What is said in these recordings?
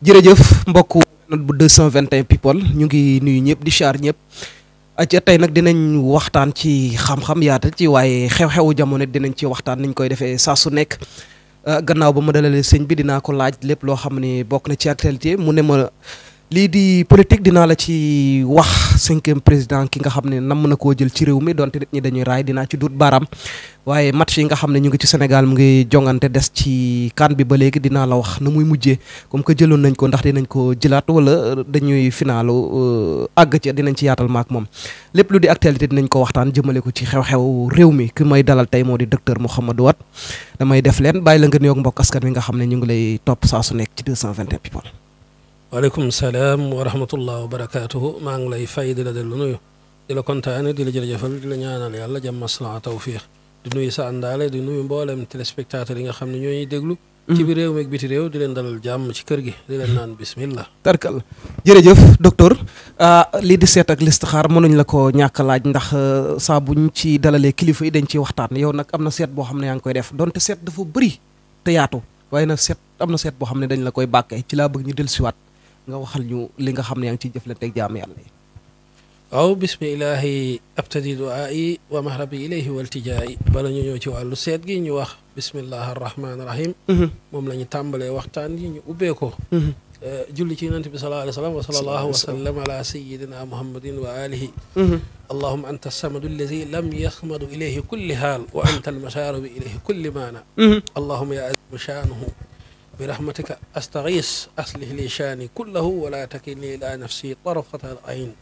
jërëjëf mbokk bu cent 221 people ñu ngi nuyu ñëpp di char ñëpp ca tey nag dinañ waxtaan ci xam-xam yaatal ci waaye xew-xewu jamono dinañ ci waxtaan niñ koy defee saa su nekk ah, gannaaw ba ma dalalee sëñ bi dinaa ko laaj lépp loo xam ne bokk na ci actualité mu ne ma lii di politique dinaa la ci wax cinquième président ki nga xam ne namm na koo jël ci réew mi donte nit ñi dañuy raay dinaa ci duut baaraam waaye match yi nga xam ne ñu ngi ci Sénégal mu ngi jongante des ci kan bi ba léegi dinaa la wax na muy mujjee comme que jëloon nañ ko ndax dinañ ko jëlaat wala dañuy finaalu euh, àgg ci dinañ ci yaatal maak moom lépp lu di actualité dinañ ko waxtaan jëmale ko ci xew réew mi ki dalal tey moo di docteur Mouhamadou Watt damay def leen bàyyi la nga nuyoog mbokk askan wi nga xam ne ñu ngi lay topp saa nekk ci 221 people waaleykum salaam wa rahmatullah wa barakaatuhu maa ngi lay fay di la dellu nuyu di la kontaane di la jërëjëfal di la ñaanal yàlla jàmm maslaa tawfiix di nuyu sa àndaale di nuyu mboolem téléspectateur yi nga xam ne ñooñuy déglu mm-hmm. ci biir réew meeg biti réew di leen dalal jàmm ci kër gi di leen naan bismillah tarkal jërëjëf docteur ah, lii di seet ak listixaar mënuñ la ko ñàkk laaj ndax ah, saa buñ ci dalalee kilifa yi dañ ciy waxtaan yow nag am na seet boo xam ne yaa ngi koy def donte seet dafa bëri te yaatu waaye nag seet am na seet boo xam ne dañ la koy bàkkee ci laa bëgg ñu dellusiwaat nga waxal ñu li nga xam ne yaa ngi ciy jëflanteeg jaam yàlla yi waaw bismillahi abtadi duaayi wa mahrabi ilayhi waltijaayi bala ñu ñëw ci wàllu seet gi ñu wax bismillahi arrahmaani rahim mhm. moom la ñu tàmbalee waxtaan yi ñu ubbee ko mhm. eh, julli ci yonent bi sallallahu alayhi wa sallam wa sallallahu wa sallam ala sayidina muhammadin wa alihi mhm. allahuma anta samadu alladi lam yasmadu ilayhi kulli haal wa anta almashaaribu ilayhi kulli maana allahuma ya azimu shaanuhu برحمتك أستغيث أصلح لي شاني كله ولا تكلني إلى نفسي طرفة العين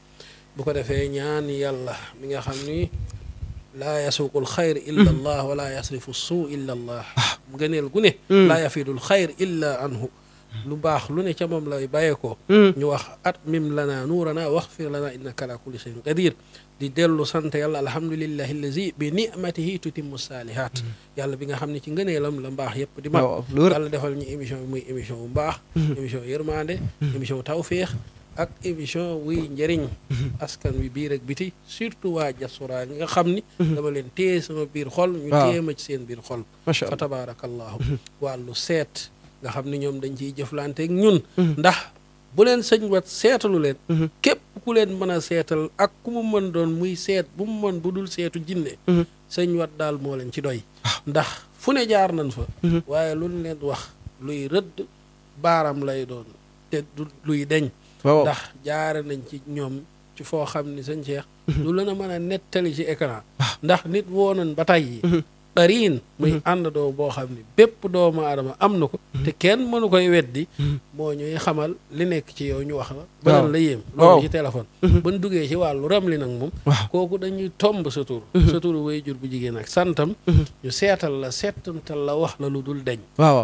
bu ko defee ñaan yàlla mi nga xam ni laa yasuuqul xayr illa mm. allah wala yasrifu suu illa allah ah. ngëneel gu ne mm. laa yafidul xayr illa anhu lu baax lu ne ca moom lay bàyyeekoo. Hmm. ñu wax at mim lana nuurana waxfir lana innaka ala kulli shay'in qadir di dellu sant yàlla alhamdulillahi allazi bi ni'matihi tutimmu saalihaat hmm. yàlla bi nga xam ne ci ngëneelam la mbaax yëpp di mag yàlla defal ñu émission bi muy émission bu mbaax hmm. émission yërmande émission tawféex ak émission wuy njëriñ askan wi biir ak biti surtout waa jasuraa nga xam ni dama leen téye sama biir xol ñu téye ma ci seen biir xol fa tabaarakallahu nga xam ne ñoom dañ ciy jëflanteeg ñun. Mhm. ndax bu leen sëñ wat seetalu leen. Mhm. képp ku leen mën a seetal ak ku mu mën doon muy seet bu mu mën bu dul seetu jinne mhm. sëñ wat daal moo leen ci doy. Ah. ndax fu ne jaar nañ fa. waaye luñ leen wax luy rëdd baaram lay doon te du luy deñ. ndax jaare nañ ci ñoom ci foo xam ni sëñ Cheikh. du la mën a nettali ci écran. Ah. ndax nit woo nañ ba tey yi qarin muy mhm. àndandoo boo xam ne bépp doomu aadama am na ko mhm. te kenn mënu koy weddi mhm. moo ñuy xamal li nekk ci yow ñu wax la balan la yéem téléphone ban duggee ci wàllu ram li nag kooku dañuy tomb sa sa tur jur bu jigéen ak santam seetal la seetantal la wax la lu dul deñ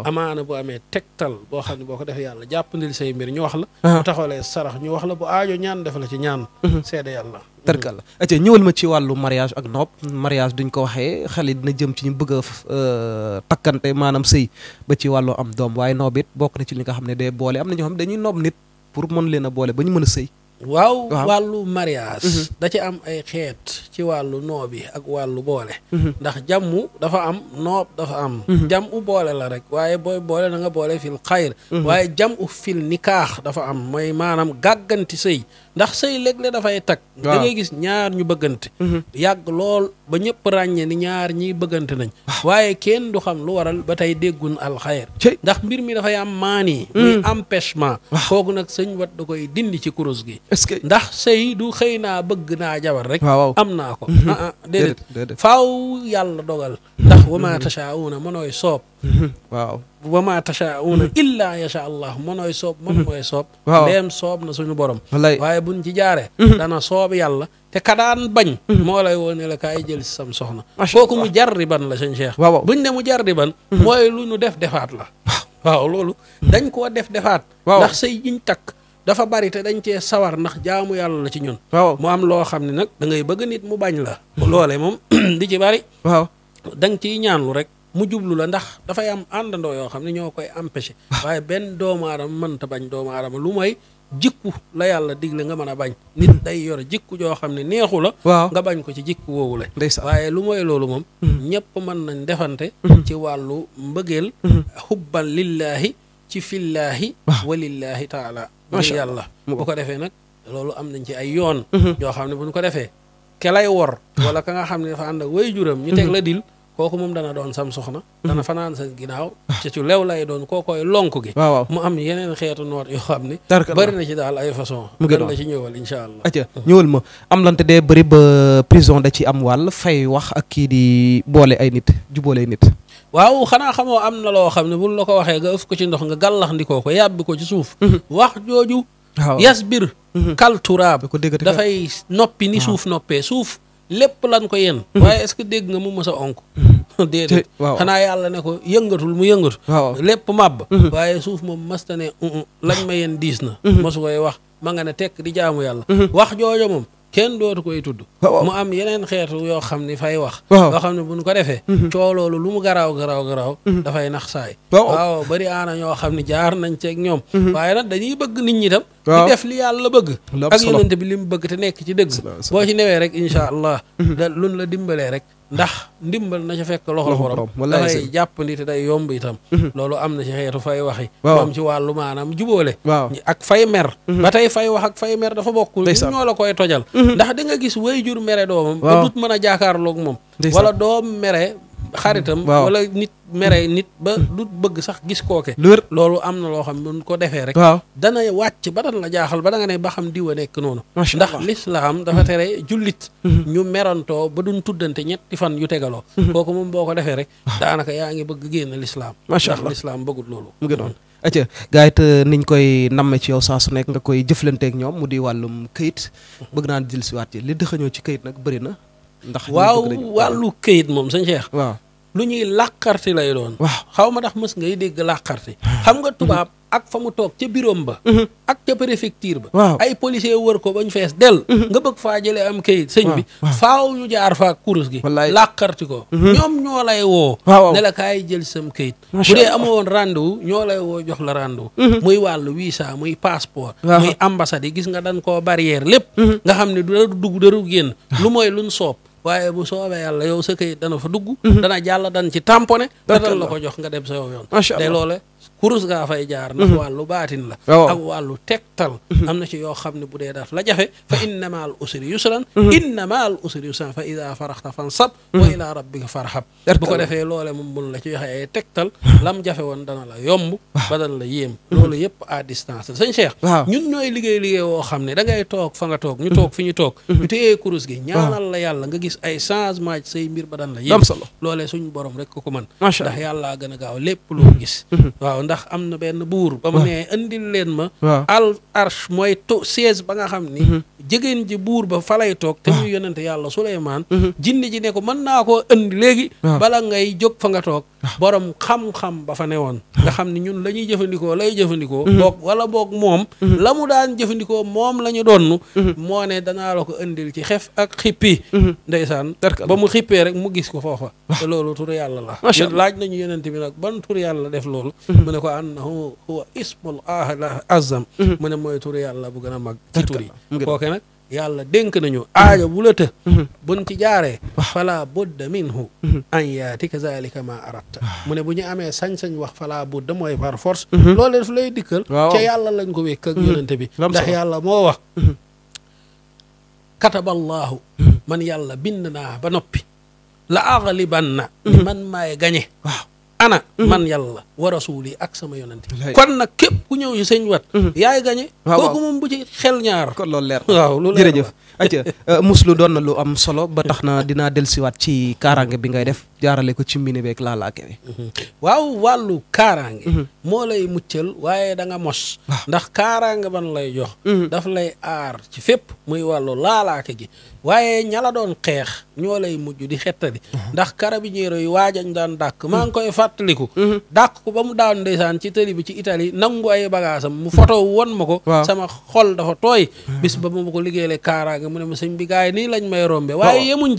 amaana bu amee tegtal boo xam ne boo ko defee yàlla jàppandil say mbir ñu wax la bu taxalee sarax ñu wax la bu aajo ñaan def la ci ñaan seede yàlla tërkal aca ñëwal ma ci wàllu mariage ak nopp mariage duñ ko waxee xale dina jëm ci ñu bëgg a euh, takkante maanaam sëy ba ci wàllu am doom waaye noob it bokk na ci li nga xam ne day boole am na ñoo xam ne dañuy noob nit pour mën leen a boole ba ñu mën a sëy waaw wàllu mariage mhm. da ci am ay xeet ci wàllu noob bi ak wàllu boole mhm. ndax jàmmu dafa am noob dafa am jam mhm. boole la rek waaye booy boole na nga boole fil xayr waaye jam u fil nikaax dafa am mooy maanaam gàgganti sëy ndax sëy léeg le dafay tag da ngay gis ñaar ñu bëggante yàgg lool ba ñëpp ràññee ni ñaar ñiy bëggante nañ ah. waaye kenn du xam lu waral ba tey déggun alxayr ndax mbir mi dafay am maani hmm. muy empêchement ah. kooku nag sëñ wat da koy dindi ci kurus gi ndax sëy du xëy naa bëgg naa jabar rek am naa ko hmm. ah, ah déedéet faaw yàlla dogal ndax wama tashaa'uuna mënooy hmm. soob waaw wama tashaa'uuna illaa yasha allah mënooy soob mën soob ndeem soob na suñu borom waaye buñ ci jaaree dana soob yàlla te kadaan bañ. Mhm. moo lay woo ne la kaay jël si sam soxna. kooku mu jar ban la sëñ Cheikh. waaw buñ ne mu jar ban mhm. mooy lu ñu def defaat la. waaw loolu. Mhm. dañ koo def defaat. waaw ndax sëy yiñ takk. dafa bari te dañ cee sawar ndax jaamu yàlla la ci ñun. waaw mu am loo xam ne nag da ngay bëgg nit mu bañ la. loolee moom di ci bari. waaw da nga ciy rek. mu jublu la ndax dafay am àndandoo yoo xam ne ñoo koy empêché. waaye benn doomu aadama bañ doomu aadama lu mooy jikku la yàlla digle nga mën a bañ nit hmm. day yore jikku joo xam ne neexu la waaw nga bañ ko ci jikku woowu la waaye lu mooy loolu moom hmm. ñëpp mën nañ defante hmm. ci wàllu mbëggeel xubban lillaahi ci fillaahi walillaahi taala masha yàlla bu ko defee nag loolu am nañ ci ay yoon yoo xam ne buñ ko defee ke lay wor wala ka nga xam ne dafa ànd ak way juram ñu teg la dil kooku moom dana doon sam soxna. Mhm. dana fanaan sa ginnaaw. ci ci lew lay doon kookooy lonk gi. waaw waaw mu am yeneen xeetu noot yoo xam ni. bëri na ci daal ay façon. mu gën la ci ñëwal incha allah. atia mm. ñëwal ma am lante dee da ci am wàll fay na loo xam ne buñ la ko waxee nga ëf ko ci ndox nga gàllax ndikoo ko yàbbi ko ci suuf. Mhm. wax jooju. waaw yas bir. Mhm. kalturaab dafay noppi ni suuf noppee suuf. lépp lan ko yenn mm-hmm. waaye est-ce que dégg nga mu masa a onk mm-hmm. déedéet xanaa yàlla ne ko yëngatul mu yëngatu lépp màbb mm-hmm. waaye suuf moom masta ne lañ ma yenn diis na mosu koy wax ma nga na tekk di jaamu yàlla wax joojo moom kenn dootu koy tudd ah, mu am yeneen xeetu yoo xam ni fay wax ah, yoo xam ne buñ ko defee mhm. coow loolu lu mu garaaw garaaw garaaw mhm. dafay nax saay ah, waaw bari aana ñoo xam ne jaar nañ ceeg ñoom mhm. waaye nag dañuy bëgg nit ñi tam di def li yàlla bëgg ak yonent bi li mu bëgg te nekk ci dëgg newee rek incha allah da la dimbalee rek ndax ndimbal na ca fekk loxol borom dalay jàppandi te day yomb itam mhm. loolu am na ci xeetu fay waxi moom ci wàllu maanaam jubóole ak fay mer mhm. ba tey fay wax ak fay mer dafa bokk ñoo la koy tojal mhm. ndax di nga gis way jur mere doomam ba dut mën a jaakaarloog moom wala doom mere xaritam wala nit mere nit ba du bëgg sax gis kooke loolu am na loo xam ne ko defee rek waaw dana wàcc ba dana la jaaxal ba da ne ba xam diwa nekk noonu ndax lislaam dafa mm-hmm. tere jullit mm-hmm. ñu merantoo ba duñ tuddante ñetti fan yu tegaloo mm-hmm. kooku moom boo ko defee rek ah. daanaka yaa ngi bëgg génn lislaam macha allah ndax lislaam bëggul loolu mu ngi a acca gars it niñ koy namme ci yow saa su nekk nga koy jëflanteek ñoom mu di wàllum këyit bëgg naa di jël siwaat yi li dëxañoo ci këyit nag bëri na ndax waaw wàllu këyit moom sëñ Cheikh lu ñuy làqarti lay doon waaw xaw ma ndax mës ngay dégg làqarti xam nga tubaab ak fa mu toog ca birom ba mhm. ak ca préfecture ba waaw ay policier wër ko bañ fees del mhm. nga bëgg faa jële am kayit sëñ bi faaw ñu jaar faa kurus gi làqarti ko mhm. ñoom ñoo lay woo ne la kaay jël sam kayit bu dee amoon ñoo lay woo jox la rendez-vous muy wàllu visa muy passeport muy ambassade yi gis nga dan koo barrière lépp nga xam ne du dara dugg dara génn ah. lu mooy luñ soob waaye bu soobee yàlla yow sa këyit dana fa dugg mhm. dana jàll dan ci tamponné te dan ko jox nga dem sa yow yoon day loole kurus gaa fay jaar ndax mhm. wàllu baatin la oh. ak wàllu tegtal mhm. am na ci yoo xam ne bu dee daf la jafe fa innama al usri yusran mhm. innama al usri yusran fa ida faraxta fansab wa ila rabbika farxab bu ko defee loole moom mun la ci waxe ay tegtal lam jafe woon dana la yomb ba la yéem loolu yëpp à distance la sëñ Cheikh ñun ñooy liggéey liggéey woo xam ne da ngay toog fa nga toog ñu toog fi ñu toog ñu gi ñaanal la yàlla nga gis ay changement say mbir ba dana la yéem loolee suñ borom rek ko ko mën ndax yàllaa gën a gaaw lépp loo gis waaw am na benn buur ba mu nee indil leen ma al arsh mooy to siège ba nga xam ni mhm. jigéen ji buur ba fa lay toog te muy yonente yàlla Suleymaan mhm. jinne ji ne ko mën naa ko indi léegi bala ngay jóg fa nga toog borom xam-xam ba fa newoon nga xam ni ñun la ñuy jëfandikoo lay jëfandikoo mhm. boog wala boog moom mhm. la mu daan jëfandikoo moom lañu ñu donn mhm. moo ne danaa la ko indil ci xef ak xippi ndeysaan ba mu xippee rek mu gis ko foofa te loolu tur yàlla la laaj nañu yonent bi nag ban tur yàlla def loolu mu ne ko annahu huwa ismul ahla azam mu ne mooy tur yàlla bu gën a mag ci tur yi kooke nag yàlla dénk nañu aajo bu la të buñ ci jaaree budda minhu an yaati kazalika ma aratta mu ne bu ñu amee sañ-sañ wax fala budda mooy par force loolu daf lay dikkal ca yàlla lañ ko wékk ak mm-hmm. yonente bi ndax yàlla moo wax mm-hmm. kataballaahu man yàlla bind na ba noppi la aghlibanna ni mm-hmm. man maay gañe ana mhm. man yàlla wa rasuli ak sama yonante kon nag képp ku ñëw ci sëñ wat mhm. yaay gañe kooku moom bu ci xel ñaar kon lool leer waaw lu leer jërëjëf acca euh, muslu doon na lu am solo ba tax na dinaa dellusiwaat ci kaaraange bi ngay def jaarale ko ci mbini beeg laalaake bi mhm. waaw wàllu kaaraange mhm. moo lay muccal waaye da nga mos ndax kaaraange ban lay jox mhm. daf lay ar ci fépp muy wàllu laalaake gi waaye ña la doon xeex ñoo lay mujj di xettali ndax carabinieri yi waajañ daan dàkk maa ngi koy fàttaliku dàkk ko ba mu daan ndeysaan ci tëli ci Italie nangu ay bagaasam mu photo won ma ko sama xol dafa tooy bis ba ma ko liggéeyale kaaraange mu ne ma sëñ bi ma yi nii lañ may rombe waaye yemuñ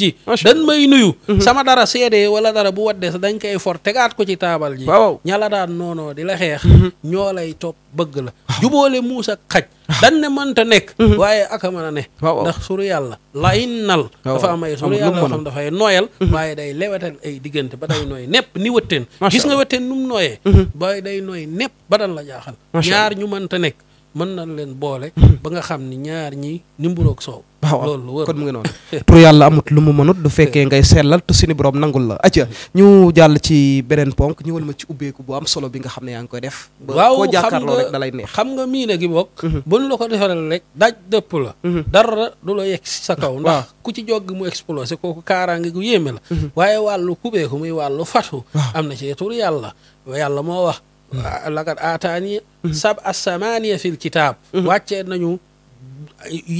may nuyu sama dara seede wala dara bu waddee sa dañ koy for tegaat ko ci taabal ji waaw ña la daan noonoo di la xeex mhm. ñoo lay topp bëgg la ah. jubóole muus ak xaj ah. dan ne mënta nekk mhm. waaye aka mën a ne ndax suru yàlla la in nal dafa am ay suru yàlla xam dafay nooyal mhm. waaye day lewetal ay diggante ba day nooy nepp ni wëtteen gis nga wëtteen num nooyee waaye day nooy nepp ba dan la jaaxal ñaar ñu mënta nekk mën nañ leen boole. Hmm. ba nga xam ni ñaar ñi nimburoog soow. loolu wër kon mu ngi noonu pour yàlla amut lu mu mënut du fekkee hmm. ngay sellal te suñu nangul la acca hmm. ñu jàll ci beneen ponk ñëwal ma ci ubbeeku bu am solo bi nga xam ne yaa ngi koy def. ba koo jàkkaarloo rek da lay neex xam nga miine gi la ko defaral rek daaj dëpp la. dara du la yegg sa kaw. ndax ku ci jog mu explosé kooku kaaraange gu yéeme la. waaye wàllu kubeeku muy wàllu fatu. am na ci tur yàlla yàlla moo wax. Mm-hmm. laqad aataani mm-hmm. sab assamaniya fil kitaab mm-hmm. wàccee nañu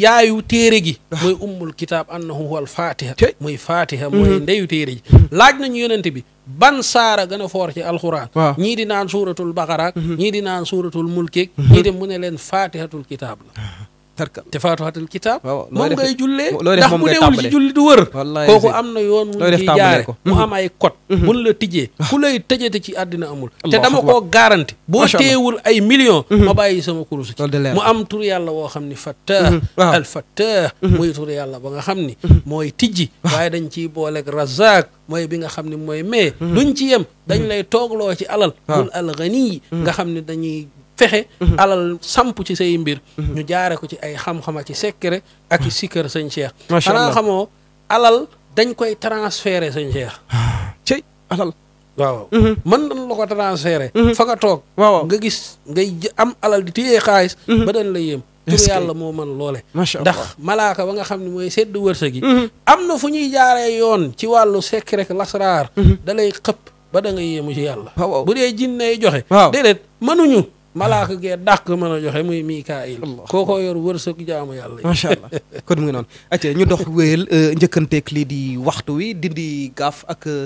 yaayu téere gi ah. mooy ummul kitaab annahu huwa al fatiha mooy fatiha ndeyu téere ji laaj nañu yonente bi ban saara gana a foor ci alxuraan ñii di naan suuratul baqaraak ñii di naan suuratul mulkeek ñii di mu ne leen fatihatul kitaab la ah. tarka te faatuhatal kitaab moom ngay jullee ndax bu newul ci julli du wër kooku am na yoon wu ñu jaare mu am ay code buñ mhm. la tijjee ku lay tëjate ci àddina amul te dama koo garanti boo teewul ay millions mhm. ma bàyyi sama kurus ci mu am tur yàlla woo xam ni fattah mhm. al fattah muy tur yàlla ba nga xam ni mooy tijji waaye dañ ciy booleeg razak mooy bi nga xam ni mooy mais duñ ci yem dañ lay toogloo ci alal bul al ghani nga xam ne dañuy fexe mhm. alal samp ci say mbir mhm. ñu jaare ko ci ay xam-xama ci sekkere ak ci mhm. sikkër sëñ Cheikh xanaa xamoo alal dañ koy transféré sañ Cheikh cey alal waaw mën fa nga toog waaw nga gis ngay am alal di téye la yéem tur moo mën loole ndax malaaka ba nga xam ni mooy sedd wërsëg yi am na fu ñuy jaaree yoon ci wàllu sekk rek lasraar da lay xëpp ba da nga yéemu ci yàlla jinne yi joxe déedéet mënuñu malaaka gee dàq mën a joxe muy Mikaayil kookoo yor wërsëg jaamu yàlla yi macha allah kon mu ngi noonu acca ñu dox wéyal euh, njëkkanteeg lii di waxtu wi dindi gaaf ak euh,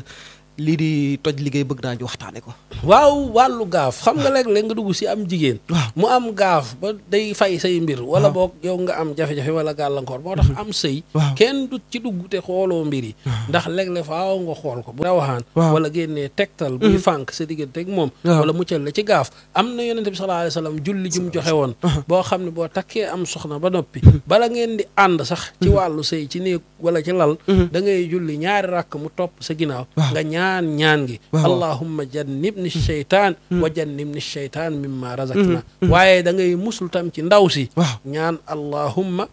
lii di toj liggéey bëgg naa ñu waxtaane ko waaw wàllu gaaf xam nga léeg-léeg nga dugg si am jigéen mu am gaaf ba day fay say mbir wala boo yow nga am jafe-jafe wala gàllankoor moo tax mm-hmm. am sëy kenn du ci dugg te xooloo mbir yi ndax léeg-léeg faaw nga xool ko bu rawaxaan wala génnee tegtal buy mm-hmm. fànk sa diggante ak moom wala muccal la ci gaaf am na yonente bi sallallahu alayhi wasallam julli jum joxe woon boo xam ne boo takkee am soxna ba noppi mm-hmm. bala ngeen di ànd sax ci wàllu sëy ci néeg wala ci lal da ngay julli rakk mu topp sa ginnaaw ñaan ñaan gi allahumma jannibni hmm. sheytaan wa hmm. jannibni sheytaan mimma hmm. razaqna waaye da ngay musul tam ci ndaw si ñaan allahumma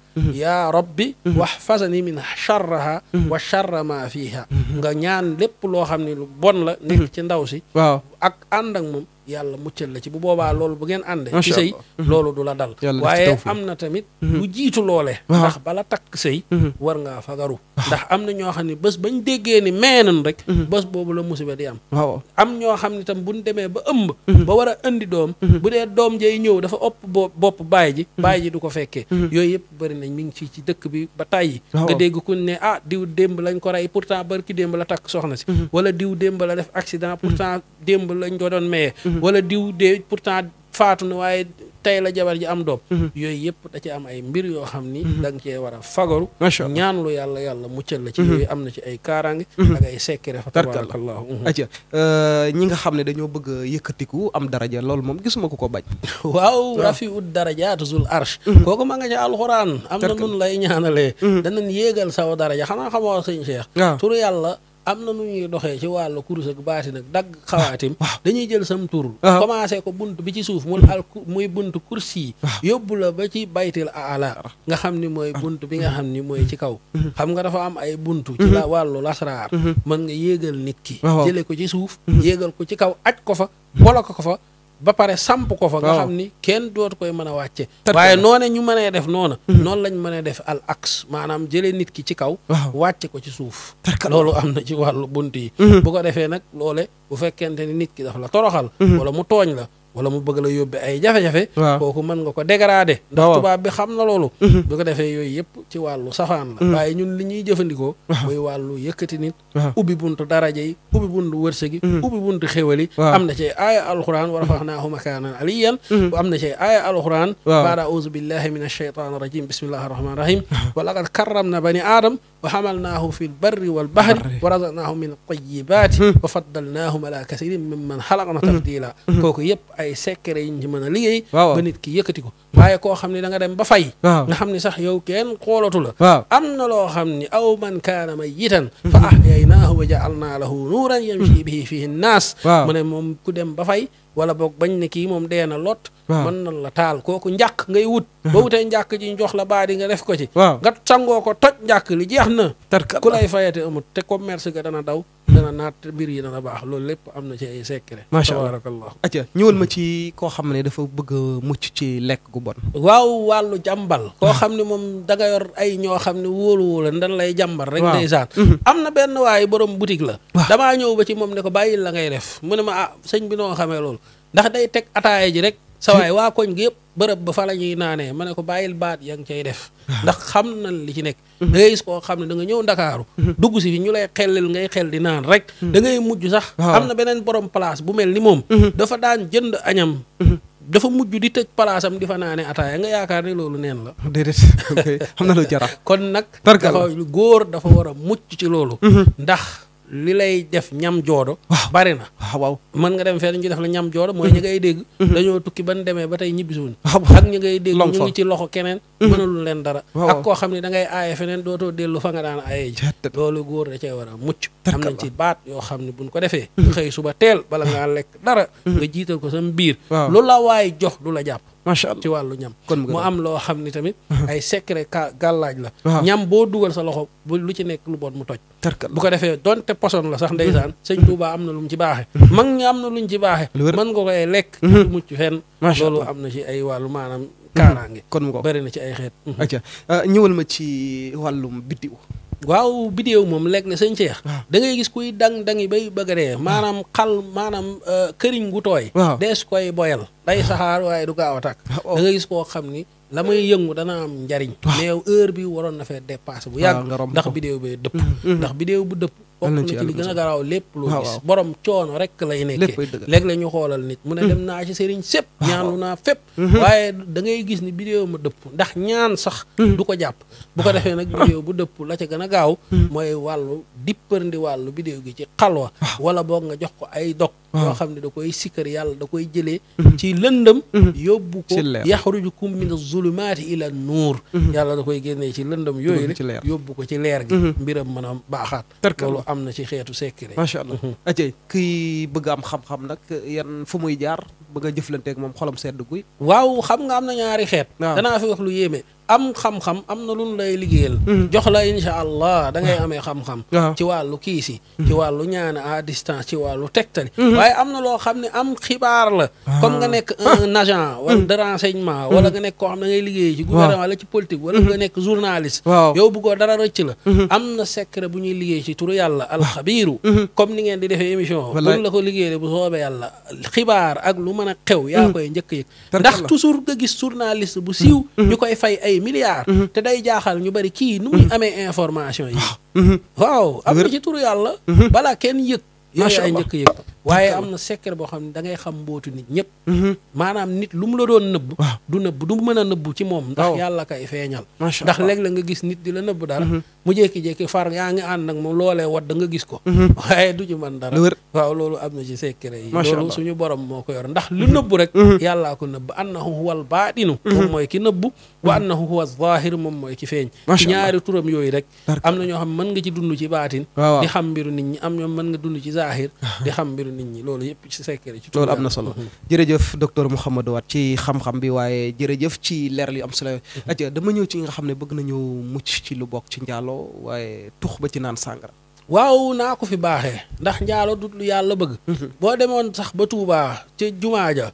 yaa rabbi waxfasani min charraha wa charra ma fiha nga ñaan lépp loo xam ne lu bon la nekk ci ndaw si ak ànd ak yàlla muccal la ci bu boobaa loolu bu ngeen ànde ci sëy mhm. loolu du la dal waaye am na tamit mhm. lu jiitu loole ndax bala takk sëy mhm. war ngaa fagaru ndax am na ñoo xam ne bés bañ déggee ni meenan rek bés la musiba di am waaw am ñoo xam ne tam buñ demee ba ëmb ba war a indi doom bu dee doom jay ñëw dafa ëpp bopp baay ji baay ji du ko fekkee yooyu yëpp bëri nañ mi ci dëkk bi ba tàyyi nga dégg ku ne ah diw démb lañ ko rey pourtant barki démb la takk soxna si wala diw démb la def accident pourtant démb lañ ko doon maye Mhm. wala diw dee pourtant faatu na waaye tey la jabar ji am doom mhm. yooyu yëpp da ci am ay mbir yoo xam ni mhm. da nga cee war a fagaru ñaan lu yàlla yàlla muccal la ci yooyu am na ci ay kaaraange ak ay sekkere fa tabarakallahu aca euh, ñi nga xam ne dañoo bëgg a yëkkatiku am daraja loolu moom gisuma ko ko bañ waaw ah. rafiu darajaat zul arsh kooku ma nga ca alxuraan am na nun lay ñaanalee danañ yéegal saw daraja xanaa xamoo sëñ Cheikh ah. turu yàlla am na nu ñuy doxee ci wàllu kurus ak baati nag dagg xawaatim ah, dañuy jël sam tur ah. commencé ko bunt bi ci suuf mu al muy bunt kursi yi ah. yóbbu la ba ci baytil ala nga xam ni mooy bunt bi nga xam ni mooy ci kaw mm-hmm. xam nga dafa am ay bunt ci mm-hmm. la wàllu lasraar mm-hmm. mën nga yéegal nit ki jële ko ci suuf yéegal ko ci kaw aj ko fa bolo ko fa ba pare samp ko fa. nga xam ni kenn dootu koy mën a wàcce. waaye noone ñu mënee def noona mhm. noonu lañ mënee def al aks maanaam jëlee nit ki ci kaw. wàcce ko ci suuf. loolu am na ci wàllu bunt yi. Mhm. bu ko defee nag loole bu fekkente ni nit ki daf la toroxal. Mhm. wala mu tooñ la. wala mu bëgg la yóbbi ay jafe-jafe kooku mën nga ko dégradé ndax tubaab bi xam na loolu mhm. bu ko defee yooyu yëpp ci wàllu safaan la mhm. waaye ñun li ñuy jëfandikoo muy wàllu yëkkati nit ubbi buntu daraja yi ubbi buntu wërsëg yi mhm. ubbi buntu xéwal yi am na ci aaya a wa rafaxnaahu makaanan aliyan am na ci aaya alxuraan baada auzu billahi min alshaytan rajim bismillahi rahmani rahim wa laqad karramna bani aadam wa hamalnaahu fi lbarri walbahri wa razaqnaahum min tayibaati wa faddalnaahum ala kasirin mimman xalaqna tafdila kooku yëpp ay secret yi ñu ci mën a liggéey ba nit ki yëkkati ko waaye koo xam ne da nga dem ba fay nga xam ne sax yow kenn xoolatu la am na loo xam ne aw man kaana mayitan mm-hmm. fa ahyaynaahu wa jaalnaa lahu nuuran yamshi bihi fihi nnaas mu ne moom ku dem ba fay wala boog bañ ne kii moom dee na lot mën na la taal kooku njàkk ngay wut ba wutee njàkk ji njox la baa di nga def ko ci nga sangoo ko toj njàkk li jeex na ku lay fayate amut te commerce ga dana daw hmm. dana naat mbir yi dana baax loolu lépp am na ci ay secret macha allah ma ci koo xam ne dafa bëgg mucc ci lekk gu bon waaw wàllu jàmbal hmm. koo xam ne moom da ay ñoo xam ne wóolu wóola dan lay jàmbal rek ndeysaan hmm. am na benn waaye borom boutique la damaa ñëw ba ci moom ne ko bàyyil la ngay def mu ne ma ah sëñ bi noo xamee loolu ndax day teg ataaya ji rek sa waay waa koñ gi yëpp bërëb ba fa la ñuy naanee ma ne ko bàyyil baat yaa ngi cay def ndax xam nañ li ci nekk da gis koo xam ne danga ñëw ndakaaru dugg si fi ñu lay xellil ngay xel di naan rek da ngay mujj sax am na beneen borom place bu mel ni moom dafa daan jënd añam dafa mujj di tëj palaasam di fa naane ataaya nga yaakaar ne loolu neen la. déedéet xam na lu jara kon nag. dafa góor dafa war a mucc ci loolu. ndax. li lay def ñam joodo bari na waaw mën nga dem fee ñu def la ñam joodo mooy ñi ngay dégg mhm. dañoo tukki ban demee ba tey ñibbisuwuñ ak ñi ngay dégg ñu ngi ci loxo keneen mhm. mënalul leen dara ak koo xam ne da ngay aaye feneen dootoo dellu fa nga daan aaye ji loolu góor da cee war a mucc am nañ ci baat yoo xam ne buñ ko defee mhm. xëy suba teel bala ngaa lekk dara nga jiital ko sam biir lu la waaye jox du la jàpp macha allah ci wàllu ñam mu am loo xam ni tamit ay secret ka gàllaaj la ñam boo dugal sa loxo bu lu ci nekk lu bon mu toj bu ko defee donte poson la sax ndeysaan sëñ Touba am na lu mu ci baaxe mag ñi am na luñ ci baaxe mën nga koy lekk du mucc fenn loolu am na ci ay wàllu maanaam kaaraange kon mu ko waaw bidéew moom lekk ne sëñ Cheikh. Ah. da ngay gis kuy dang dangi bay bëgg a dee ah. maanaam xal maanaam euh, këriñ gu tooy. waaw dees koy boyal. day ah. saxaar waaye du gaaw a takk. Oh. da gis koo xam ni la may yëngu dana am njariñ. mais heure bi waroon na fee dépassé bu yàgg. ndax bidéew bee dëpp. Mm-hmm. ndax bidéew bu dëpp. bokk na ci li gën a garaaw lépp lu gis borom coono rek lay nekkee léeg la ñu xoolal nit mu ne mm-hmm. dem naa ci sëriñ sépp ñaanlu naa fépp mm-hmm. waaye da ngay gis ni vidéo ma dëpp ndax ñaan sax mm-hmm. du ko jàpp bu ko defee nag vidéo bu dëpp la ca gën a gaaw mooy wàllu dippërndi wàllu vidéo gi ci xalwa wala boog nga jox ko ay dog yoo xam ne da koy sikkar yàlla da koy jëlee ci lëndëm yóbbu ko yaxrujukum min azulumaati ila nuur yàlla da koy génnee ci lëndëm yooyu yóbbu ko ci leer gi mbiram mën a am na ci xeetu secret. macha allah mhm. ajay kii bëgg am xam-xam nag yan fu muy jaar bëgg a jëflanteeg moom xolom sedd guy. waaw xam nga am na ñaari xeet. danaa fi wax lu yéeme. am xam-xam am na lu lay liggéeyal. Mhm. jox la incha allah da ngay amee xam-xam. ci wàllu kiisi mhm. ci wàllu ñaan a distance ci wàllu tegtali. Mhm. waaye am na loo xam ne am xibaar la. comme nga nekk un agent. wala de renseignement. ga nga nekk koo xam ne da ngay liggéey ci gouvernement wala ci politique. wala nga nekk journaliste. yow bëggoo dara rëcc la. am na secret bu ñuy liggéey ci turu yàlla ah. alxabiiru. comme ni ngeen di defee émission. wallaay la xibaar ak lu mën a xew. yaa koy njëkk yëg ndax ay milliards. Mm-hmm. te day jaaxal ñu bari kii nu mm-hmm. amee information yi. Ah, mm-hmm. waaw am na ci turu yàlla. balaa kenn yëg. macha yëg. waaye am na secret boo xam ne da ngay xam mbootu nit ñëpp mhm. maanaam nit lu mu la doon nëbb du nëbb du mën a nëbb ci moom ndax yàlla kay feeñal ndax léeg la nga gis nit di la nëbb dara mhm. mu jékki-jékki far yaa ngi ànd nag moom loolee wat da nga gis ko mhm. waaye du ci mën dara waaw loolu am na ci secret yi loolu suñu borom moo ko yor ndax lu nëbb rek yàllaa ko nëbb annahu huwal baatinu moom moo ki nëbb wa annahu huwa zaahir moom mooy ki feeñ ñaari turam yooyu rek am na ñoo xam mën nga ci dund ci baatin di xam mbiru nit ñi am ñoom mën nga dund ci zaahir nit ñi loolu yëpp ci secret ci loolu am na solo mhm. jërëjëf docteur Mouhamadou ci xam-xam bi waaye jërëjëf ci leer li am solo mhm. aja dama ñëw ci nga xam ne bëgg nañu mucc ci lu bokk ci njaaloo waaye tux ba ci naan sàngara waaw naa ko fi baaxee ndax njaaloo du lu yàlla bëgg mhm. boo demoon sax ba Tuubaa ci jumaa ja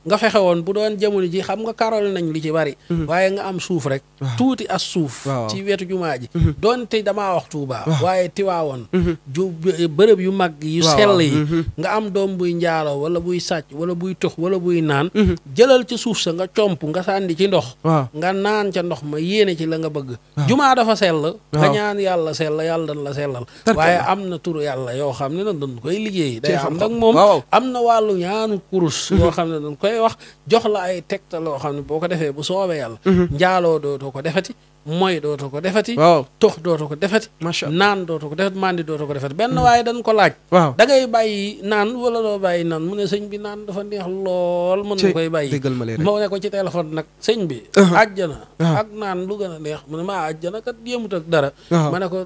nga fexe woon bu doon jamono ji xam nga karol nañ li ci bari mhm. waaye nga am suuf rek tuuti as suuf ci wetu jumaa ji mhm. doonte damaa dama Tuuba waaye tiwaawoon mhm. ju bërëb yu mag yu sell yi nga am doom buy njaaloo wala buy sàcc wala buy tux wala buy naan jëlal ci suuf sa nga comp nga sànni ci ndox nga naan ca ndox ma yéene ci la nga bëgg jumaa dafa sell nga ñaan yàlla sell yàlla dan la sellal waaye am na turu yàlla yoo xam ne nag koy liggéey day xam nag moom am na wàllu ñaanu kurus yoo xam lay wax jox la ay tegtal loo xam ne boo ko defee bu soobee yàlla. Mhm. njaaloo dootoo ko defati. mooy dootoo ko defati. waaw tox dootoo ko defati. macha allah naan dootoo ko defati mandi dootoo ko defati. benn waaye dañ ko laaj. waaw da ngay bàyyi naan wala doo bàyyi naan mu ne sëñ bi naan dafa neex lool. mën na koy bàyyi moo ne ko ci téléphone nag sëñ bi. Uh-huh. àjjana uh-huh. ak naan lu gën a neex mu ne maa àjjana kat yéemut ak dara. Uh-huh. ma ne ko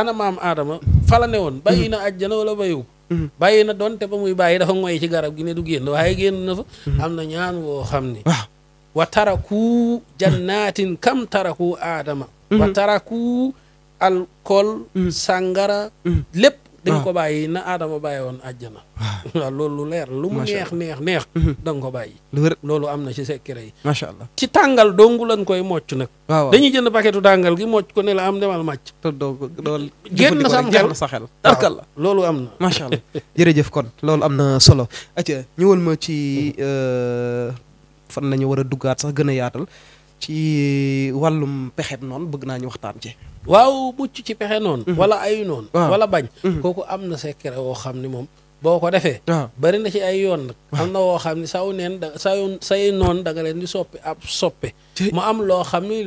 ana maam Adama fa la ne woon bàyyi na àjjana wala bàyyiwu bàyyi na donte ba muy bàyyi dafa ngoy ci garab gi ne du génn waaye génn na fa mm-hmm. am na ñaan woo xam ne wa taraku jannatin kam taraku aadama wa mm-hmm. taraku alcool mm-hmm. sàngara lépp danga ah. ko bàyyi na aadama bàyyi woon àjjana ah. waaw loolu lu leer lu mu neex neex neex mhm. danga ko bàyyi loolu am na ci sekkere yi macha allah ci tàngal dongu lañ koy mocc nag waaw dañuy jënd paquetu tàngal gi mocc ko ne la am demal màcc te doo dool génn sam xel sa xel tarkal la loolu am na macha allah jëf kon loolu am na solo acca ñëwal ma ci mhm. euh, fan nañu war a duggaat sax gën a yaatal ci wàllum pexeb noonu bëgg naa ñu waxtaan ci. waaw mucc ci pexe noonu. Mhm. wala ay noonu. wala bañ. Mhm. kooku am na secret woo xam ni moom. boo ko defee. bari na ci ay yoon nag. am na woo xam ne saw neen da sa say noon da nga leen di soppi ab soppe mu am loo xam ni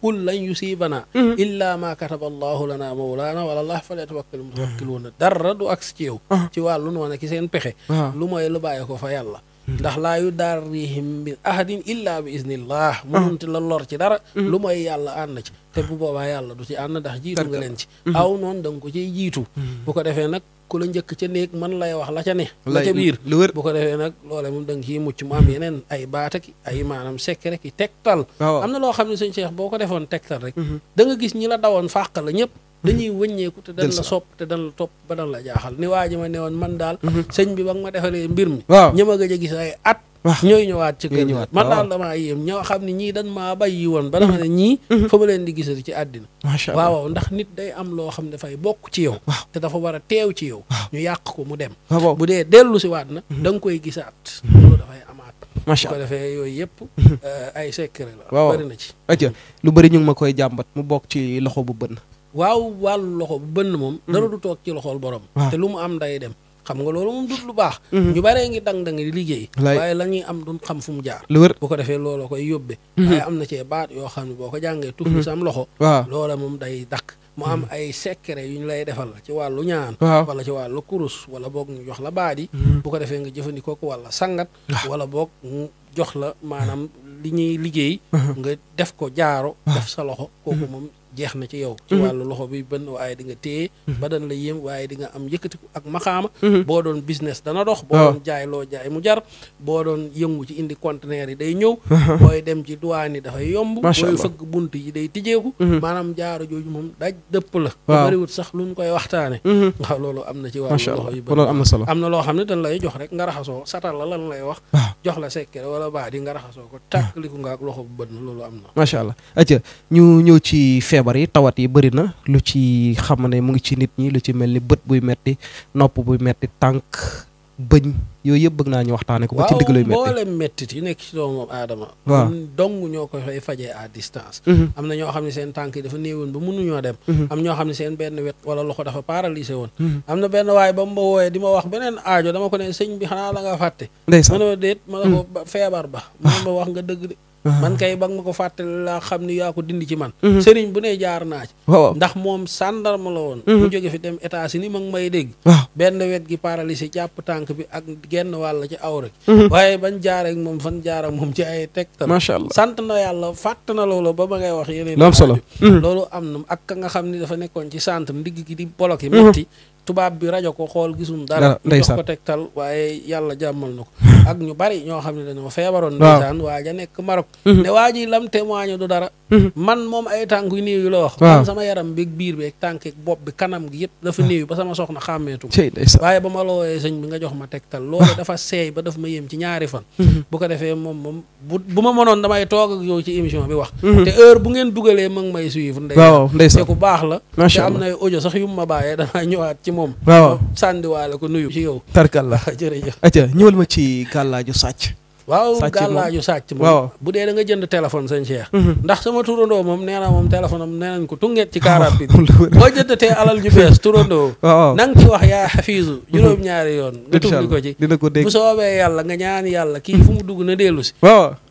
qul lan yusiibanaa mhm. illaa maa kataba allahu lanaa mawlaana wala allah falyatawakkal mutawakkiluuna dara du agsi ci yow ci wàllu noona ki seen pexe lu mooy lu bàyyi ko fa yàlla ndax laa yu daarrihim bi ahadin illa bi iznillah ah. mënunti la lor ci dara mm-hmm. lu mooy yàlla ànd ci te bu boobaa yàlla du ci ànd ndax jiitu nga leen ci mm-hmm. aw noonu da nga ko ciy jiitu mm-hmm. bu ko defee nag ku la njëkk ca néeg man lay wax la ca ne la ca biir bu ko defee nag loole mun da nga ciy mucc mu am yeneen ay baata ki ay maanaam secret ki tegtal am na loo xam ne sëñ Cheikh boo ko defoon tegtal rek da nga gis ñi la dawoon fàq la ñëpp dañuy wëññeeku te dañ la sopp te dañ la ba dañ la jaaxal ni waa ji ma ne woon man daal mhm. sëñ bi ba nga ma defalee mbir mi ñëma gëj a gis ay at ñooy ñëwaat ci kër man daal damaa yéem ñoo xam ne ñii dañ maa bàyyi woon ba mhm. ne ñii mhm. fa leen di gisati ci àddina waaw ndax nit day am loo xam dafay bokk ci yow te dafa war a teew ci yow ñu yàq ko mu dem ah, bu dee dellu si waat na da nga koy gisaat loolu dafay amaat macha allah yooyu yëpp euh, ay secret la bari na ci lu bari ñu ma koy jàmbat mu bokk ci loxo bu bën waaw wàllu loxo bu bënn moom la mm. du toog ci loxol borom te lu mu am day dem xam nga loolu moom dut lu baax mm-hmm. ñu baree ngi dang dang di liggéey waaye la ñuy am duñ xam fu mu jaar lu wër ko defee loolu koy yóbbe mm-hmm. waaye am na cee baat yoo xam ne boo ko jàngee tufli mm-hmm. sam loxo waaw moom day dakk mu am ay secret yu ñu lay defal ci wàllu ñaan wala ci wàllu kurus wala boog ñu jox la baat yi bu ko defee nga jëfandikoo ko wala sangat ah. wala boog mu jox la maanaam li ñuy liggéey nga def ko jaaro ah. def sa loxo kooku moom jeex na ci yow mhm. ci wàllu loxo bi bën waaye di nga téye mhm. ba dan nga am yëkkatiku ak maxaama mhm. boo doon business dana dox ah. boo doon jaay loo jaay mu jar boo doon yëngu ci indi conteneur yi day ñëw booy dem ci douane yi dafay yomb booy bunt yi day tijjeeku maanaam jaaro jooju moom daj dëpp la ba bariwut sax lu ñu koy waxtaane waaw loolu am na ci wàllu loxo am na solo am na loo xam ne dañ lay jox rek nga raxasoo satal la lan lay wax ah. jox la sekkere wala baa di nga raxasoo ko ah. tàkkaliku nga ak loxo bu bën loolu am na macha allah aca ñu ñëw ci feebar feebar yi tawat yi bëri lu ci xam mu ngi ci nit ñi lu ci mel ni bët buy metti nopp buy metti tànk bëñ yooyu yëpp bëgg naa ñu waxtaane ko ba ci digg lay metti waaw mboolem mettit yi nekk ci doomu aadama waaw dong ñoo koy fay fajee à distance mhm. am na ñoo xam ne seen tànk yi dafa néewoon ba mënuñoo dem mhm. am ñoo xam ne seen benn wet wala loxo dafa paralysé woon mhm. am na benn waaye ba mu ma wooyee di ma wax beneen aajo dama ko ne sëñ bi xanaa la nga fàtte ndeysaan ma ne déet ma ne ko feebar ba ma wax nga Uh-huh. man kay ba nga ko fàttali laa xam ni yaa ko dindi ci man uh-huh. sëriñ bu ne jaar naa ci ndax moom sàndarma la woon uh-huh. mu jóge fi dem États-Unis ma ngi may dégg benn wet gi paralysé jàpp tànk bi ak genn wàll ci aw rek waaye bañ jaar ak moom fan jaar ak moom ci ay tegtal macha allah sant na yàlla fàtt na loolu ba ma ngay wax yeneen am solo loolu am na ak ka nga xam ni dafa nekkoon ci centre ndigg gi di bloqué metti tubaab bi rajo ko xool gisum da ndox ko tegtal waaye yàlla jàmmal na ak ñu bari ñoo xam ne dañoo feebaroon ndeysaan waa ja nekk Maroc mhm. ne waa ji lam témoigné du dara mhm. man moom ay tànk yu néew yu la wax man sama yaram bi biir bi ak tànk bopp bi kanam gi yëpp dafa néew ba sama soxna xàmmeetum waaye ba ma looyee sëñ bi nga jox ma tegtal loolu dafa seey ba daf ma yëm ci ñaari fan mhm. bu ko defee moom bu bu ma mënoon damay toog ak yow ci émission bi wax te bu ngeen dugalee ma ngi may suivre ndeysaan te ku baax la te am na audio sax yu ma bàyyee damay ñëwaat ci moom waaw sàndiwaale ko nuyu ci yow tarkal la jërëjëf aja ma ci gàllaaju sàcc waaw gàllaaju sàcc moom bu dee da nga jënd téléphone sëñ Cheikh mhm. ndax sama turandoo moom nee na moom téléphone am nee nañ ko tungeet ci kaaraat bi boo jëndatee alal ju bees turandoo na nga ci wax yaa xafiisu mhm. juróom-ñaari yoon nga tugg ko ci bu soobee yàlla nga ñaan yàlla kii mhm. fu mu dugg na dellu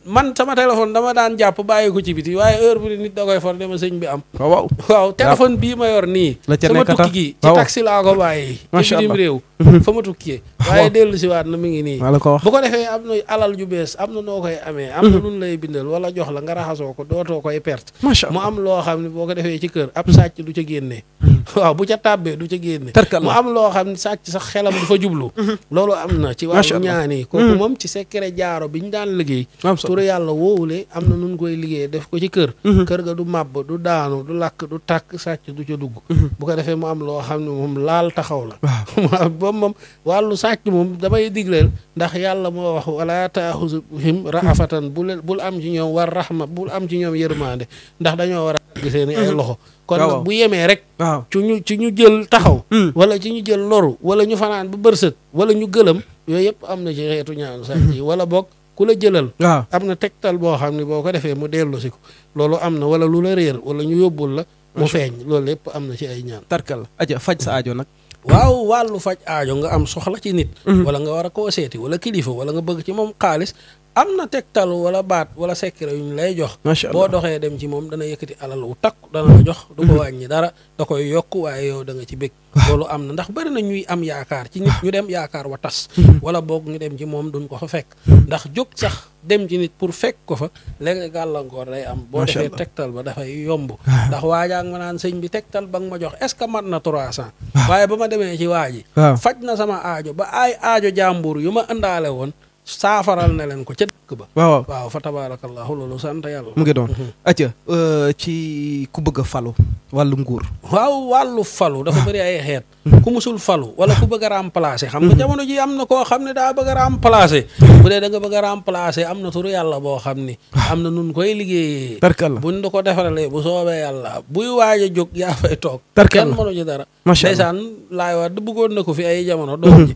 man sama téléphone dama daan jàpp bàyyi ko ci biti waaye heure bu nit da koy for dama sëñ bi am. waaw waaw bii ma nii. sama tukki gi ci taxi laa ko bàyyi. macha allah réew fa ma tukkee. waaye si waat na mu ngi nii. ko defee am na alal ju bees am na noo koy amee. am na mhm. lu ko dootoo koy perte. mu loo xam ne boo ko defee ci kër ab sàcc du ca génnee. Mhm. waaw bu ca tàbbee du ca génne mu am loo xam ne sàcc sax xelam du fa jublu mhm. loolu am na ci wàllu ñaan yi kooku moom ci secret jaaro bi ñu daan liggéey turu yàlla woowule am na nun koy liggéey ko ci kër mhm. kër ga du màbb du du lakk du tàkk sàcc du ca mhm. bu ko defee mu loo xam ne moom laal taxaw la ba moom wàllu sàcc moom damay digleel ndax yàlla moo wax wala taaxusuhim raafatan bu leen bul am ci ñoom war rahma bul am ci ñoom yërmande ndax dañoo war a gisee ay mhm. loxo kon nag bu yemee rek ci ñu ci jël taxaw wala ci ñu jël loru wala ñu fanaan bu bërsët wala ñu gëlëm yooyu yëpp am na ci xeetu ñaanu sàcc yi wala bokk ku la jëlal waaw am na tegtal boo xam ne boo ko defee mu dellu si ko loolu am na wala lu la réer wala ñu yóbbul la mu feeñ loolu lépp am na si ay ñaan tarkal la aja faj sa aajo nag waaw wàllu faj aajo nga am soxla ci nit mhm. wala nga war a koo seeti wala kilifa wala nga bëgg ci moom xaalis am na tegtal wala baat wala secret yu ñu lay jox. macha allah boo doxee dem ci moom dana yëkkati alal wu takk dana la jox. du ko mhm. wàññi dara da koy yokk waaye yow da nga ci bëgg. loolu am na ndax bëri na ñuy am yaakaar ci nit ñu dem yaakaar wa tas. Mhm. wala boog ñu dem ci moom duñ ko fa fekk. Mhm. ndax jog sax dem ci nit pour fekk ko fa léegi gàllankoor day am. boo defee tegtal ba dafay yomb. ndax waajaa ma naan sëñ bi tegtal ba nga ma jox est ce que mat na 300. waaye ba ma demee ci waa ji. faj na sama aajo ba ay aajo jàmbur yu ma àndaale woon saafaral na leen ko ca dëkk ba. waaw waaw fa tabaarakallaahu loolu sant yàlla. mu ngi doon mhm. acca euh, ci ku bëgg falu wàllu nguur. waaw wàllu falu dafa ah. bëri ay xeet. Mhm. ku musul falu wala ku bëgg a remplacer. xam nga mhm. jamono ji am na koo xam ne daa bëgg a remplacer. bu dee da nga bëgg a remplacer am na turu yalla boo xam ni. Ah. am na nun koy liggéeyee. tarkalla buñ da ko defaralee bu soobee yàlla buy waaj a jóg yaa fay toog. tarkalla kenn mënu ci dara. macha allah ndeysaan laay wax bëggoon na ko fi ay jamono. doom ji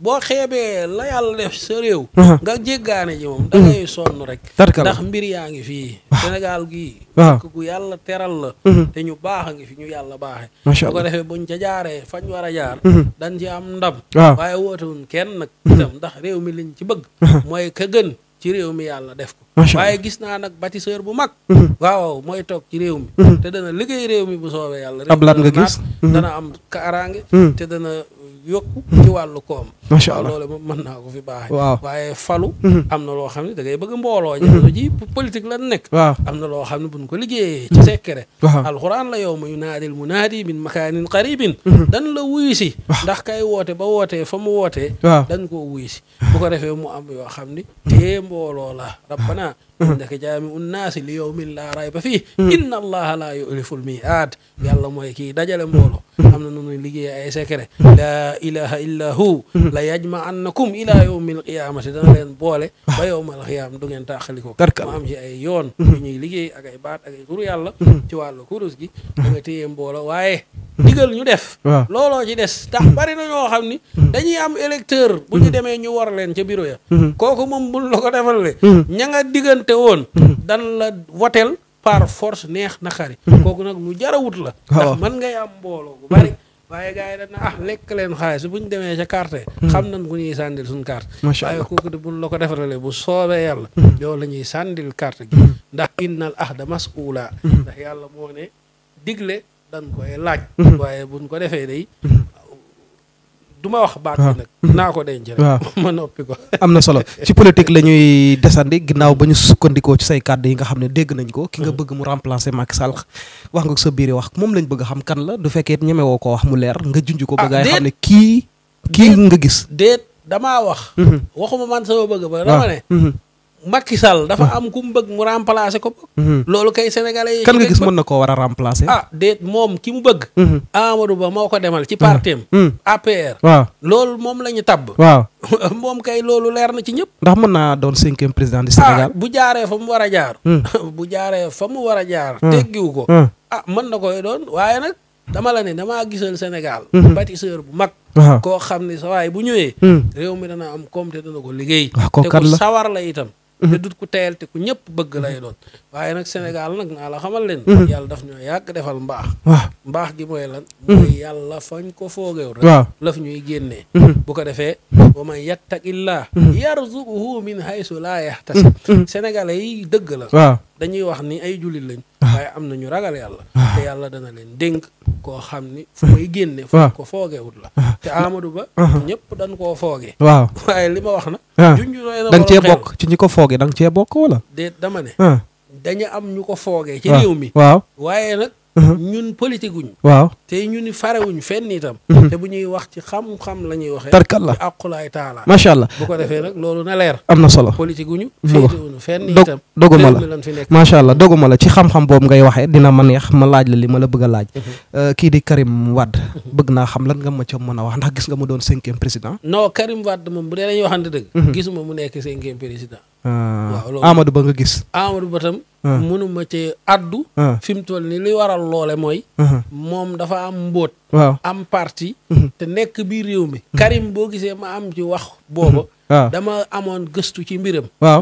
boo xeebee la yàlla def sa réew. nga jéggaane ji moom. da ngay mhm. rek. ndax mbir yaa ngi fii. Sénégal gii. waaw ku yàlla teral la. Mhm. te ñu baax a ngi fi ñu yàlla baaxee. macha allah bu ko defee buñ ca jaaree fañ war a jaar. Mhm. dañ ci am ndam. waaw waaye wootewuñ kenn nag. dax ndax mi liñ ci bëgg. mooy ka ci réew mi yàlla def ko waaye gis naa nag bâtisseur bu mag waaw mooy toog ci réew mi te dana liggéey réew mi bu soobee yàlla ablaat nga gis dana am kaaraange te dana yokku hmm. ci wàllu koom macha allah loolu moom mën naa ko fi baax falu hmm. am na loo xam ne da ngay bëgg mbooloo hmm. jamono ji politique lan nekk waaw am na loo xam ne buñ ko liggéeyee ci sekkere alxuraan la yow ma yunaadil munaadi min makaanin qaribin dan la wuyu si ndax kay woote ba wootee fa mu woote dan koo wuyu si bu ko defee mu am yoo xam ni tee mbooloo la rabbana innaka jaami'un naasi li yawmin laa rayba fii inna allaha laa yu'liful mi'aad yàlla mooy kii dajale mbooloo am na nunuy liggéey ay secret la ilaha illa hu la yajma'annakum ila yawmil qiyaamati dana leen boole ba yawmal qiyaam du ngeen taaxaliko mu am ci ay yoon yu ñuy liggéey ak ay baat ak ay ci wàllu kurus gi da nga téye mbooloo waaye digal ñu def looloo ci des tax hmm. bari na ñoo xam ni hmm. dañuy am électeur bu ñu hmm. demee ñu war leen ca bureau ya kooku moom buñ la ko defal le ña nga diggante woon dan la woteel par force neex na xari kooku nag lu jarawut la ndax man ngay am mbooloo bu bari waaye gars yi dañ na ah lekk leen xaalis bu ñu demee ca carte xam nañ ku ñuy sàndil suñ carte waaye kooku de buñ la ko defaralee bu soobee yàlla yow la ñuy sàndil carte gi ndax innal ahda mas'ula ndax yàlla moo ne dañ koy laaj. Mhm. waaye buñ ko defee day. Mhm. du ma wax baat bi nag. Mhm. naa ko denc rek. waaw ma noppi ko. am na solo ci politique la ñuy desandi ginnaaw ba ñu sukkandikoo ci say kàddu yi nga xam ne dégg nañ ko. ki nga bëgg mu remplacer Macky Sall wax nga ko sa biir wax moom lañ bëgg xam kan la du fekkee it ñemewoo ko wax mu leer nga junj ko. ba ah, gaa yi xam ne kii. kii nga gis déet damaa wax. waxuma man sama bëgg ba dama ne. Macky Sall dafa am ku mu bëgg mu remplacer ko. Mhm. loolu kay sénégalais yi. kan nga gis mën na koo war a remplacer. ah moom ki mu bëgg. Mhm. Amadou Ba moo ko demal ci partem mhm. APR. loolu moom la ñu tabb. kay loolu leer na ci ñëpp. ndax mën naa doon cinquième président du ah, bu jaaree fa mu war a jaar. bu jaaree fa mu war a jaar. teggiwu ko. ah mën na koy doon waaye nag. dama la ne damaa gisal Sénégal. bâtisseur bu mag. koo xam ne sa waay bu ñëwee. réew mi dana am koom te dana ko liggéey. te ku sawar la itam. te mhm. dut ku teyal te ku ñëpp bëgg lay doon waaye nag senegal nag naa la xamal leen mhm. yàlla daf ñoo yàgg defal mbaax waaw mbaax gi mooy lan mhm. mooy yàlla fañ ko foogeew rek waaw laf ñuy génnee bu ko defee wa man yattaqillah yarzuquhu min haysu laa yahtasib sénégalais yi dëgg la waaw dañuy wax ni ay jullit lañ. Ah. waaye am na ñu ragal yàlla. Ah. te yàlla dana leen dénk koo xam ni. fu génne fu ah. ko foogewut la. te Amadou Ba. ñëpp dan koo fooge. waaw waaye li ma wax na. junj cee bokk ci ñi ko fooge da cee bokk wala. déet dama ne. dañu am ñu ko foogee. ci réew mi waaw ñun politique wuñ waaw te ñu ni farewuñ fenn itam mhm. te bu ñuy wax ci xam-xam la ñuy waxee tarkal la aqulaay taala macha allah bu ko defee nag loolu na leer am na solo politique wuñu féetewuñu fenn itam doguma la lan fi nekk macha allah doguma ci xam-xam boobu ngay waxee dina ma neex ma laaj la li ma la bëgg a laaj mhm. euh, kii di Karim Wade mhm. bëgg naa xam lan nga ma ca mën a wax ndax gis nga mu doon cinquième président non Karim Wade moom bu dee dañuy waxante dëgg gisuma mu nekk cinquième président Ah. Amadou Ba nga gis. Amadou Ba tam. Ah. mënuma cee addu. Ah. fi mu toll nii li waral loole mooy. moom dafa am mbóot. am parti. Mhm. te nekk biir réew mi. Karim boo gisee ma am ci wax booba. Mhm. dama amoon gëstu ci mbiram. waaw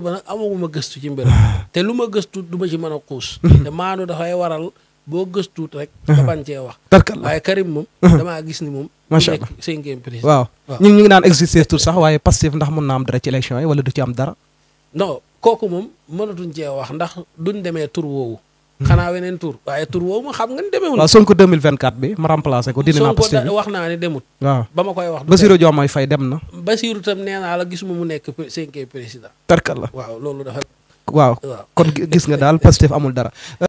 Ba nag amaguma gëstu ci mbiram. te lu ma gëstu du ma ci mën a xuus. Mhm. te maanu dafay waral boo gëstuut rek. nga cee wax. waaye Karim moom. damaa gis ni moom. macha allah waaw ñu ngi ñu ngi naan exister tout sax waaye Pastef ndax mën na am dara ci élection yi wala du ci am dara. non kooku moom mënatuñ cee wax ndax duñ demee tur woowu. xam nga ni demeewul. Sonko bi ma remplacé ko. dindi naa Pastef wax ba ma tam nee la gisuma mu nekk cinquième président. tarkal la waaw kon gis nga daal Pastef amul dara.